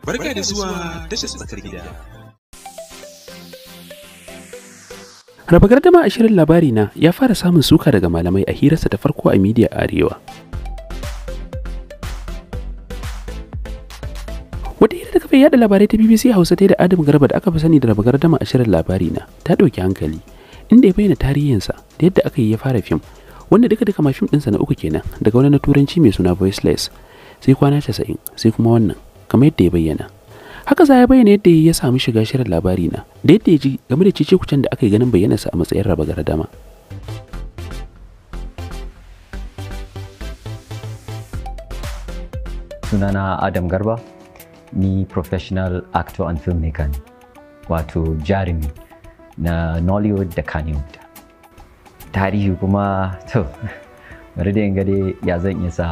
Barka da zuwa tashar tsakar gida. Raba gardama a shirin labari na ya fara samun suka daga malamai a hirarsa ta farko a Midiya Arewa. Wata hira da kafin yada labarai ta BBC Hausa ta da Adam Garba da aka fi sani da raba gardama a shirin labari na ta ɗauki hankali inda ya bayyana tarihinsa da yadda aka yi ya fara fim wanda duka duka ma fim ɗinsa na uku kenan daga wani na turanci mai suna voiceless sai kwana 90 sai kuma wannan kamar yadda ya bayyana haka za ya bayyana yadda ya samu shiga shirin labari na da yadda ya ji game da cece kucen da aka yi ganin bayyanarsa a matsayin raba dama sunana adam garba ni professional actor and filmmaker ne wato jarumi na nollywood da kannywood tarihi kuma to bari da yin gade ya zan iya sa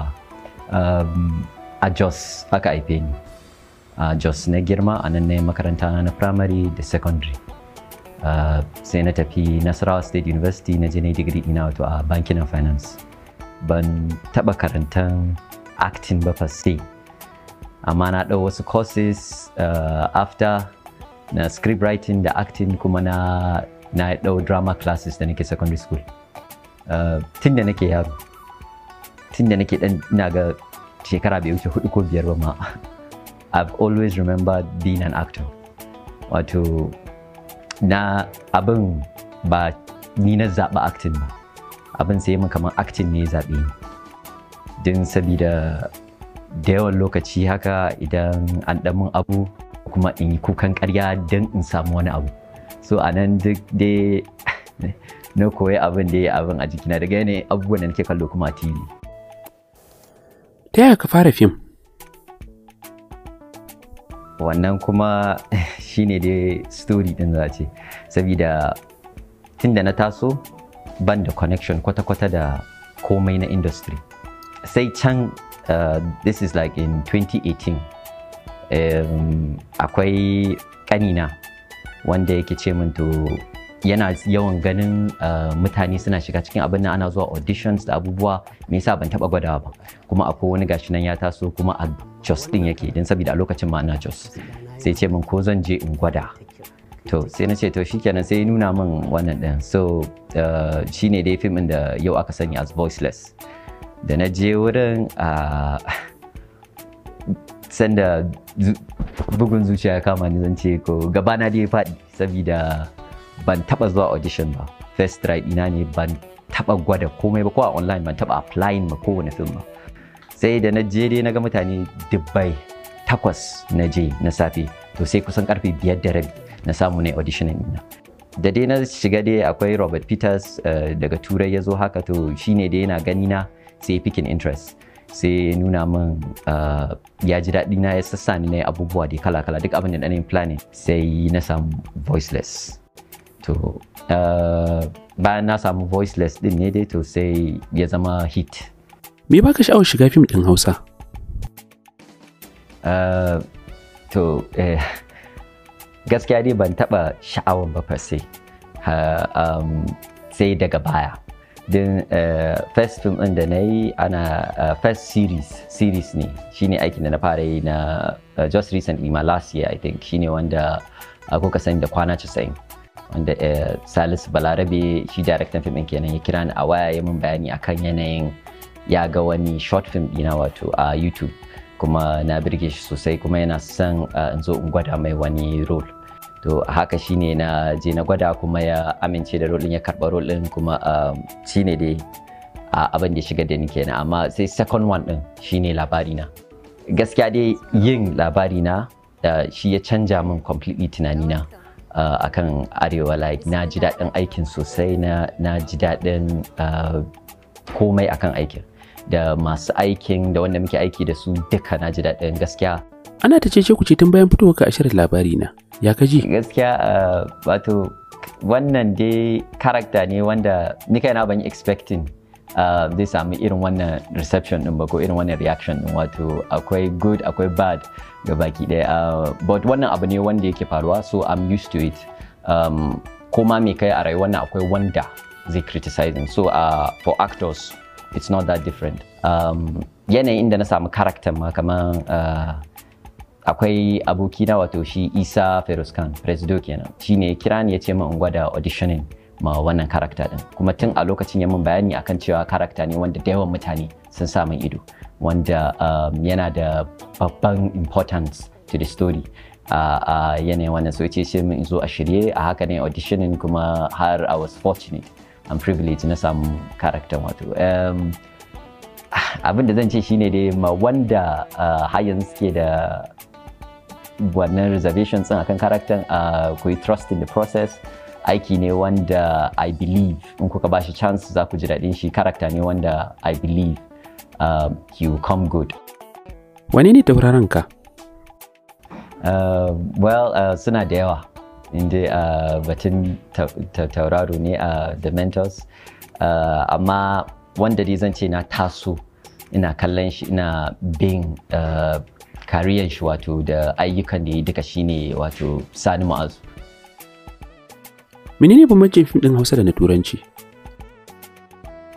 um, a jos aka haife ni a ah, jos na girma a nan ne makaranta na primary da secondary ah, sai na tafi nasarawa state university na je na digiri ina wato a banking and finance ban taba karantan acting ba sai amma na ɗau wasu courses uh, after na script writing da acting kuma na na ɗau drama classes da nake secondary school uh, tun da nake yaro tun da nake ɗan ina ga shekara bai wuce hudu ko biyar ba ma I've always remembered being an actor. Wato, na abin ba ni na zaba acting ba. Abin sai mun kamar acting ne zaɓe ni. Don sabida da yawan lokaci haka idan an abu kuma in yi kukan karya don in samu wani abu. So a nan duk dai na koyi abin da ya abin a jikina daga yanayin abubuwan da nake kallo kuma a TV. Ta yaya ka fara fim? wannan kuma shine dai story din za ce saboda tun na taso ban da connection kwata-kwata da komai na industry sai can uh, this is like in 2018 um, akwai kanina wanda yake ce min to yana yawan ganin eh, mutane suna shiga cikin abin nan ana zuwa auditions da abubuwa me yasa ban taba gwadawa ba kuma akwai wani gashi nan ya taso kuma a Jos din yake don saboda a lokacin ma ana Jos sai ce min ko zan je in gwada to sai na ce to shikenan sai nuna min wannan din so eh, shine dai fim da yau aka sani as voiceless da na je wurin a ah, sanda bugun zuciya ya kama ni zan ce ko gabana dai faɗi saboda ban taba zuwa audition ba first try ina ne ban taba gwada komai ba ko a online ban taba applying ma kowane film ba sai da na je dai na ga mutane dubbai takwas na je na safe to sai kusan karfe biyar da rabi na samu ne audition ina da dai na shiga dai akwai robert peters eh, daga turai ya zo haka to shine dai yana gani na sai pikin interest sai ya nuna min eh, ya ji daɗi na ya sassa ni na abubuwa da kala-kala duk abin da na planning sai na samu voiceless to uh, bayan na samu voiceless din ne dai to sai ya zama hit me baka sha'awar shiga fim din hausa uh, to eh, gaskiya dai ban taba sha'awar ba sai um, sai daga baya din eh, first film din da na yi ana uh, first series series ne shine aikin da na fara yi na just recently ma last year i think shine wanda kuka sani da kwana 90 wanda eh, salisu balarabe shi daraktan fim kenan ya kira ni a waya ya mun bayani akan yanayin ya ga wani short film dina wato a youtube kuma na birge shi sosai kuma yana son eh, in zo in gwada mai wani role to haka shine na je na gwada kuma ya amince da role ya karba role din kuma eh, shine dai abin da shiga da ni kenan amma sai second one din shine labari na gaskiya dai yin labari na shi ya canja min completely tunanina Ah, akan arewa like na ji daɗin aikin sosai na ji daɗin ah, komai akan aikin da masu aikin da wanda muke aiki da su duka na ji daɗin gaskiya ana ta ce ku ce tun bayan fitowa ka ashirin labari na ya kaji gaskiya ah, wato wannan dai karakta ne wanda ni kaina ban yi expecting zai sami irin wannan reception din ba ko irin wannan reaction din wato akwai good akwai uh, bad ga baki daya but wannan abu ne wanda yake faruwa so i'm used to it um, ma me kai a rayuwar nan akwai wanda zai criticizing so uh, for actors it's not that different um, yanayin da na samu character ma kaman uh, akwai abokina wato shi isa ferus khan presido kenan shine kira ni ya ce min gwada auditioning ma wannan karakta din kuma tun a lokacin ya mun bayani akan cewa karakta ne wanda da yawan mutane sun sa min ido wanda um, yana da babban importance to the story a yanayin wannan so ce ce min zo a shirye a haka ne auditioning kuma har I was fortunate and privileged na samu karaktan wato um, abin da zan ce shine dai ma wanda uh, yanzu suke da wannan reservations akan karaktan uh, ku trust in the process aiki ne wanda I believe in kuka bashi chance za ku ji daɗin shi karakta ne wanda I believe um, you come good. wani ne tauraron ka? Uh, well, uh, suna da yawa. Inda uh, batun tauraro ne a uh, The Mentors. Uh, amma wanda dai zan ce na taso ina kallon shi ina bin kariyar uh, shi wato da ayyukan da ya duka shine wato Sani Ma'azu. menene bambancin fim ɗin hausa da na turanci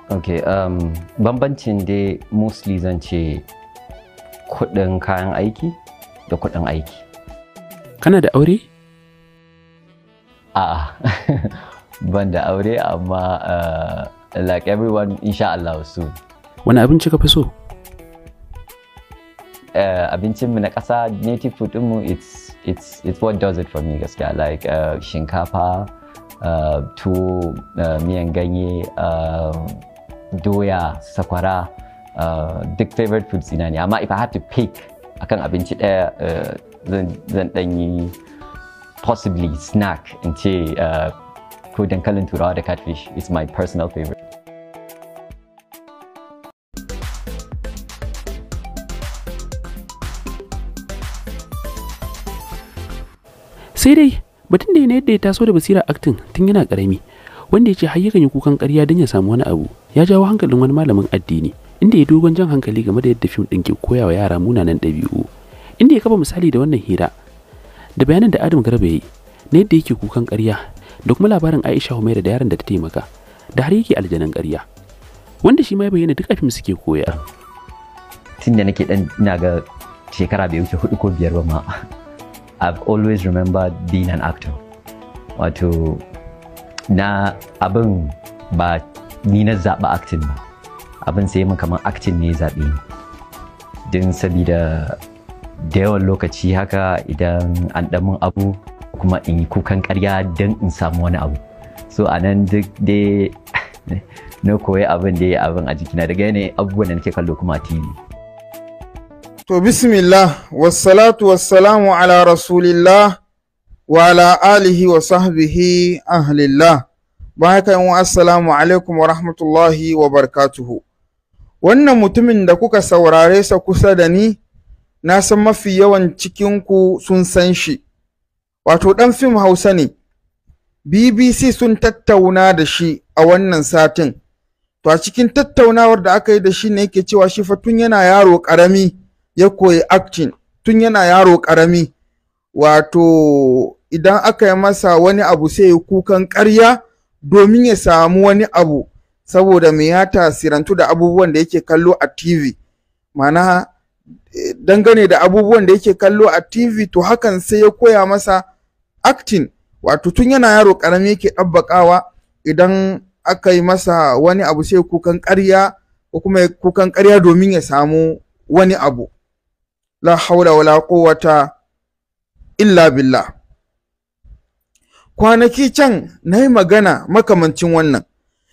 ok um, bambancin dai mostly zan ce kuɗin kayan aiki da kuɗin aiki kana da aure a'a ban da aure amma uh, like everyone insha Allah soon wani abinci ka fi so Uh, abincinmu na ƙasa native food mu it's, it's, it's what does it for me gaskiya like uh, shinkafa tuwo miyan ganye doya sakwara duk favorite foods ina ne amma if i had to pick akan abinci ɗaya zan danyi yi possibly snack in ce ko dankalin turawa da catfish is my personal favorite sai dai Batun da ne yadda ya taso da basira acting tun yana karami wanda ya ce har yakan yi kukan ƙarya don ya samu wani abu ya jawo hankalin wani malamin addini inda ya dogon jan hankali game da yadda fim ɗin ke koya wa yara munanan ɗabi'u inda ya kafa misali da wannan hira da bayanan da Adam Garba ya yi na yadda yake kukan ƙarya da kuma labarin Aisha Humaira da yaron da ta taimaka da har yake aljanan ƙarya wanda shi ma ya bayyana duk fim suke koya tun da nake dan ina ga shekara bai wuce hudu ko biyar ba ma I've always remembered being an actor. Wato, na abin ba ni na zaɓa acting ba. Abin sai mun kamar acting ne zaɓe ni. Don sabida da yawan lokaci haka idan an ɗamin abu kuma in yi kukan karya don in samu wani abu. So a nan duk dai na koyi abin da ya abin a jikina daga yanayin abubuwan da nake kallo kuma a TV. To bismillah, wassalatu wassalamu ala rasulillah wa ala alihi wa sahbihi ahlillah. Ba haka yin assalamu alaikum wa rahmatullahi wa barkatuhu. Wannan mutumin da kuka saurare sa kusa da ni, na san mafi yawan cikinku sun san shi. Wato ɗan fim Hausa ne, BBC sun tattauna da shi a wannan satin. To a cikin tattaunawar da aka yi da shi ne yake cewa shi fa tun yana yaro ƙarami. ya koyi acting tun yana yaro ƙarami wato idan aka yi masa wani abu sai ya kukan ƙarya domin ya samu wani abu saboda mai ya tasirantu da abubuwan da yake kallo a TV mana eh, dangane da abubuwan da yake kallo a TV to hakan sai ya koya masa acting wato tun yana yaro ƙarami yake ɗabbaƙawa idan aka yi masa wani abu sai kukan ƙarya ko kuma kukan ƙarya domin ya samu wani abu la haula wala quwwata illa billah kwanaki can nayi magana makamancin wannan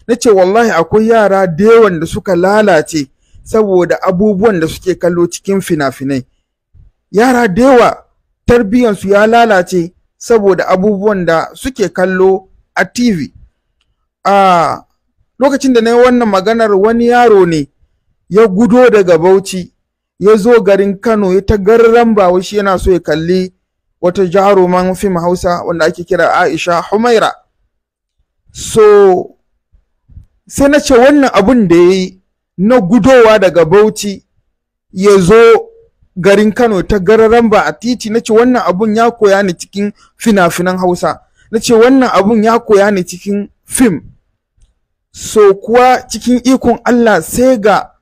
nace wallahi akwai yara da yawan da suka lalace saboda abubuwan da suke kallo cikin finafinai yara da yawa tarbiyyansu ya lalace saboda abubuwan da suke kallo a tv a lokacin da nayi wannan maganar wani yaro ne ya gudo daga bauchi ya zo garin Kano ya ta wa shi yana so ya kalli wata jaruman fim Hausa wanda ake kira Aisha Humaira. So sai na ce wannan abun da yayi na gudowa daga Bauchi ya zo garin Kano ta gararan ba a titi na ce wannan abun ya koya ni cikin fina-finan Hausa. Na ce wannan abun ya koya ni cikin fim. So kuwa cikin ikon Allah sai ga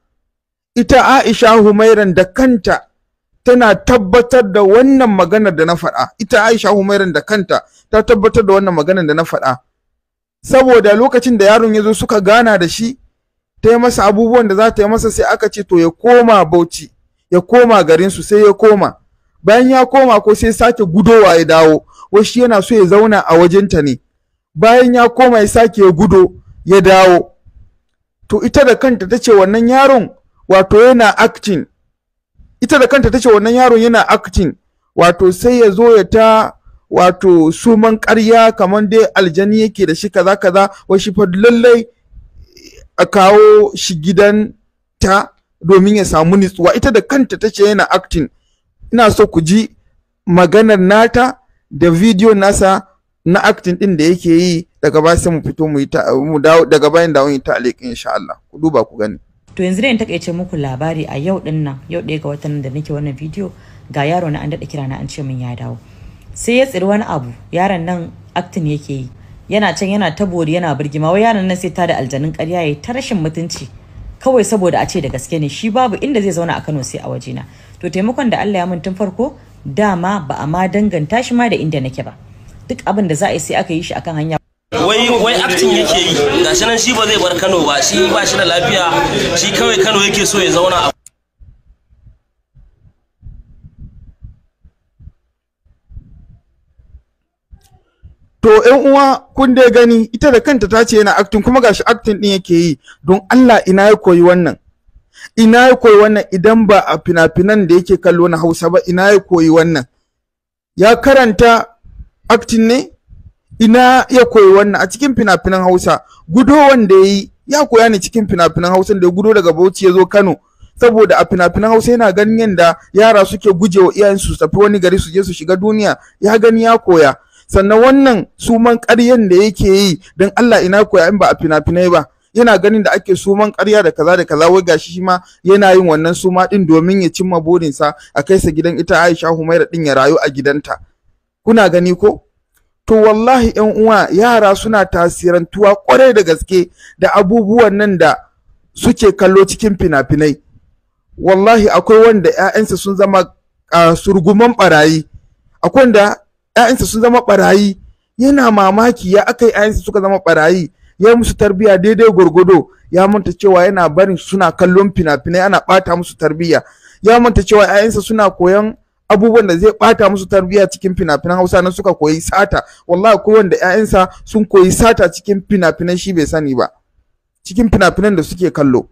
ita Aisha Humairan da kanta tana tabbatar da wannan maganar da na faɗa ita Aisha Humairan da kanta ta tabbatar da wannan magana da na faɗa saboda lokacin da yaron ya zo suka gana da shi ta yi masa abubuwan da za ta yi masa sai aka ce to ya koma Bauchi ya koma garin su sai ya koma bayan ya koma ko sai sake gudowa ya dawo wai shi yana so ya zauna a wajenta ne bayan ya koma ya sake ya gudo ya dawo to ita da kanta tace wannan yaron wato yana acting ita da kanta tace wannan yaron yana acting wato sai ya zo ya ta wato suman ƙarya kamar dai aljani yake da shi kaza kaza wai shi fa lallai a kawo shi gidan ta domin ya samu nitsuwa ita da kanta tace yana acting ina so ku ji maganar nata da video nasa na acting din da yake yi daga baya sai mu fito mu yi ta mu dawo daga bayan dawo yi ta insha Allah ku duba ku gani to yanzu ne in takaice muku labari a yau din nan yau ɗaya ga watan da nake wannan bidiyo ga yaro na an daɗa kira na an ce min ya dawo sai ya tsiri wani abu yaron nan actin yake yi yana can yana ta bori yana birgima wai yaron nan sai ta da aljanun ƙarya yayi ta rashin mutunci kawai saboda a ce da gaske ne shi babu inda zai zauna a Kano sai a wajena to taimakon da Allah ya mun tun farko dama ba a ma danganta shi ma da inda nake ba duk abin da za a yi sai aka yi shi akan hanya wai wai acting yake yi gashi nan shi ba zai bar Kano ba shi ba shi da lafiya shi kawai Kano yake so ya zauna a To ƴan uwa kun dai gani ita da kanta ta ce yana acting kuma gashi acting din yake yi don Allah ina ya koyi wannan ina ya koyi wannan idan ba a fina-finan da yake kallo na Hausa ba ina ya koyi wannan ya karanta acting ne ina ya koyi wannan a cikin fina-finan Hausa gudo wanda yayi ya koya ne cikin fina-finan Hausa da gudo daga Bauchi ya zo Kano saboda a fina-finan Hausa yana ganin yadda yara suke gujewa iyayen su tafi wani gari su je su shiga duniya ya gani ya koya sannan wannan suman ƙaryan da yake yi don Allah ina koya in ba a fina-finai ba yana ganin da ake suman karya da kaza da kaza wai gashi shi ma yana yin wannan suma din domin ya cimma burinsa a kai sa gidan ita Aisha Humaira din ya rayu a gidanta kuna gani ko to wallahi yan uwa yara suna tasirantuwa kwarai da gaske da abubuwan nan da suke kallo cikin fina-finai wallahi akwai wanda ƴaƴansa sun zama uh, surguman barayi akwai wanda ƴaƴansa sun zama barayi yana mamaki ya aka ƴaƴansa suka zama barayi ya musu tarbiyya daidai gwargwado ya manta cewa yana barin suna kallon fina-finai ana ɓata musu tarbiyya. ya manta cewa 'ya'yansa suna koyan abubuwan da zai bata musu tarbiya cikin fina-finan Hausa na suka koyi sata wallahi ko wanda ƴaƴansa sun koyi sata cikin fina-finan shi bai sani ba cikin fina-finan da suke kallo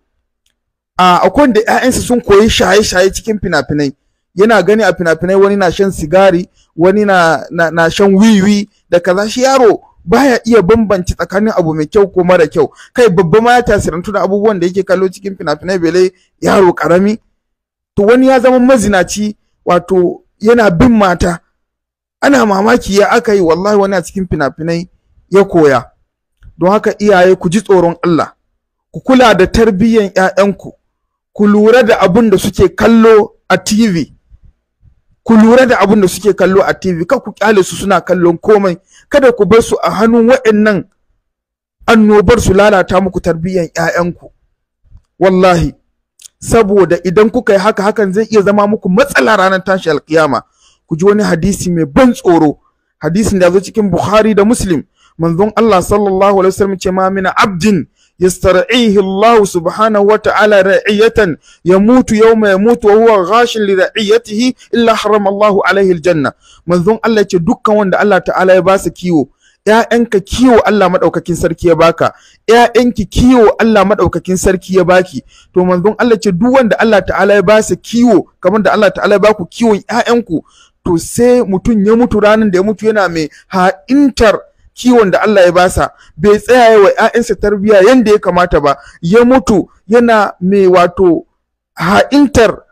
a akwai wanda ƴaƴansa sun koyi shaye-shaye cikin fina-finai yana gani a fina-finai wani na shan sigari wani na, shan wiwi da kaza shi yaro baya iya bambanci tsakanin abu mai kyau ko mara kyau kai babba ma ya tasirantu da abubuwan da yake kallo cikin fina-finai bele yaro karami to wani ya zama mazinaci wato yana bin mata ana mamaki ya aka yi wallahi wani a cikin fina-finai ya koya don haka iyaye ku ji tsoron Allah ku kula da tarbiyyan 'ya'yanku ku lura da abin da suke kallo a TV ku lura da abin da suke kallo a TV kan ku kyale su suna kallon komai kada ku bar su a hannun waɗannan annobar su lalata muku tarbiyyar 'ya'yanku wallahi saboda idan kuka yi haka hakan zai iya zama muku matsala ranar tashi alkiyama ku ji wani hadisi mai ban tsoro hadisin da zo cikin Bukhari da Muslim manzon Allah sallallahu alaihi wasallam ce ma mina abdin yastar'ihi Allah subhanahu wa ta'ala ra'iyatan yamutu yawma yamutu wa huwa ghashin li ra'iyatihi illa harama Allah alaihi aljanna manzon Allah ce dukkan wanda Allah ta'ala ya ba su kiwo ‘ya'yanka kiwo Allah maɗaukakin sarki ya baka ƴaƴanki kiwo Allah madaukakin sarki ya baki to manzon Allah ce duk wanda Allah ta'ala ya ba sa kiwo kamar da Allah ta'ala ya ba ku kiwon ƴaƴanku to sai mutum ya mutu ranan da ya mutu yana mai ha'intar kiwon da Allah ya sa, bai tsaya wa ƴaƴansa tarbiyya yanda ya kamata ba ya mutu yana mai wato ha'intar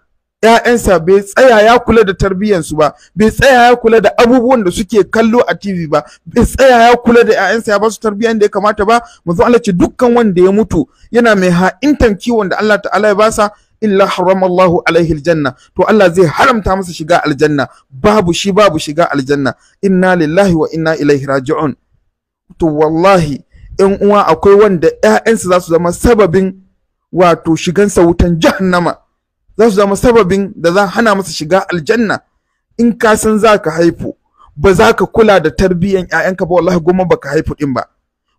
ƴaƴansa bai tsaya ya kula da tarbiyyansu ba bai tsaya ya kula da abubuwan da suke kallo a TV ba bai tsaya ya kula da ƴaƴansa ya ba su tarbiyyan da ya kamata ba manzo Allah ce dukkan wanda ya mutu yana mai ha'intan kiwon da Allah ta'ala ya basa illa haramallahu alaihi aljanna to Allah zai haramta masa shiga aljanna babu shi babu shiga aljanna inna lillahi wa inna ilaihi raji'un to wallahi ƴan uwa akwai wanda ƴaƴansa za su zama sababin wato shigansa wutan jahannama za su zama sababin da za hana masa shiga aljanna in ka san za ka haifu ba za ka kula da tarbiyyan ƴaƴanka ba wallahi goma ba haifu din ba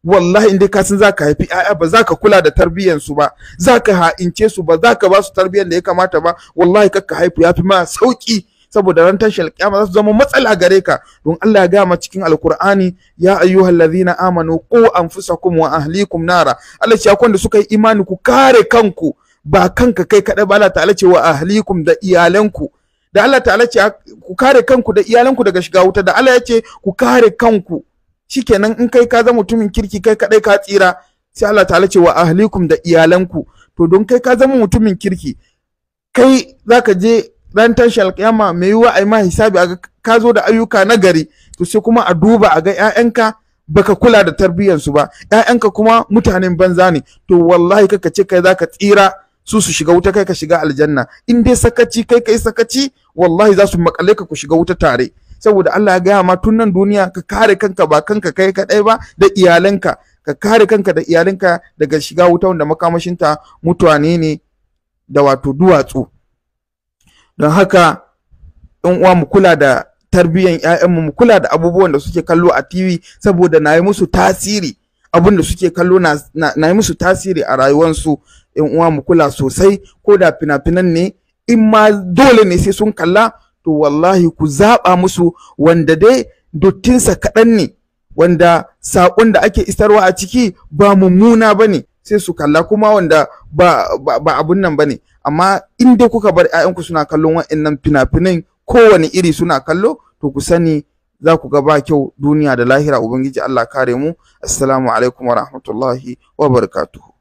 wallahi in dai ka san za ka haifi ƴaƴa ba za ka kula da tarbiyyan su ba za ka ha'ince su ba za ka ba su tarbiyyan da ya kamata ba wallahi kar ka haifu yafi ma sauki saboda ran tashin alƙiyama za su zama matsala gare ka don Allah ya gaya ma cikin alkur'ani ya ayyuhallazina amanu qu anfusakum wa ahlikum nara Allah ya kwanda suka yi imani ku kare kanku ba kanka kai kaɗai ba Allah ta'ala ce wa ahlikum da iyalanku da Allah ta'ala ce ku kare kanku da iyalanku daga shiga wuta da Allah ya ce ku kare kanku shikenan in kai ka zama mutumin kirki kai kaɗai ka tsira sai Allah ta'ala ce wa ahlikum da iyalanku to don kai ka zama mutumin kirki kai zaka je ran tashi alƙiyama mai yiwuwa ai ma hisabi a ka zo da ayyuka na gari to sai kuma a duba a ga ƴaƴanka baka kula da tarbiyyarsu ba ƴaƴanka kuma mutanen banza ne to wallahi kaka ce kai zaka tsira su su shiga wuta kai ka shiga aljanna in dai sakaci kai kai sakaci wallahi za su makale ka ku shiga wuta tare saboda Allah ya gaya ma tun nan duniya ka kare kanka ba kanka kai kadai ba da iyalanka ka kare kanka da iyalanka daga shiga wuta wanda makamashinta mutane ne da wato duwatsu don haka in uwa mu kula da tarbiyyan ƴaƴanmu mu kula da abubuwan da suke kallo a TV saboda na yi musu tasiri abin da suke kallo na, nayi musu tasiri a rayuwarsu yan uwa mu kula sosai ko da fina-finan ne in ma dole ne sai sun kalla to wallahi ku zaɓa musu wanda dai dottinsa kaɗan ne wanda saƙon da ake isarwa a ciki ba mummuna ba ne sai su kalla kuma wanda ba, abun nan ba ne amma in dai kuka bar 'ya'yanku suna kallon wa'annan fina-finan kowane iri suna kallo to ku sani za ku ga ba kyau duniya da lahira ubangiji Allah kare mu assalamu alaikum wa rahmatullahi wa barakatuhu